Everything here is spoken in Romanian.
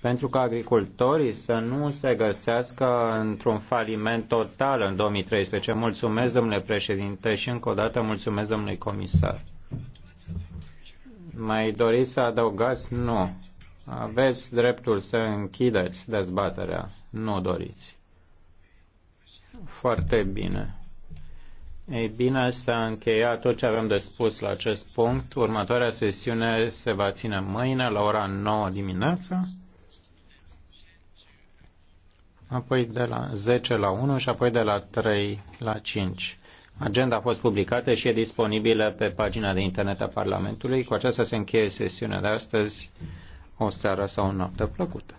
pentru ca agricultorii să nu se găsească într-un faliment total în 2013. Mulțumesc, domnule președinte, și încă o dată mulțumesc, domnule comisar. Mai doriți să adăugați? Nu. Aveți dreptul să închideți dezbaterea. Nu doriți. Foarte bine. Ei bine, s-a încheiat tot ce avem de spus la acest punct. Următoarea sesiune se va ține mâine la ora 9 dimineața apoi de la 10 la 1 și apoi de la 3 la 5. Agenda a fost publicată și e disponibilă pe pagina de internet a Parlamentului. Cu aceasta se încheie sesiunea de astăzi. O seară sau o noapte plăcută.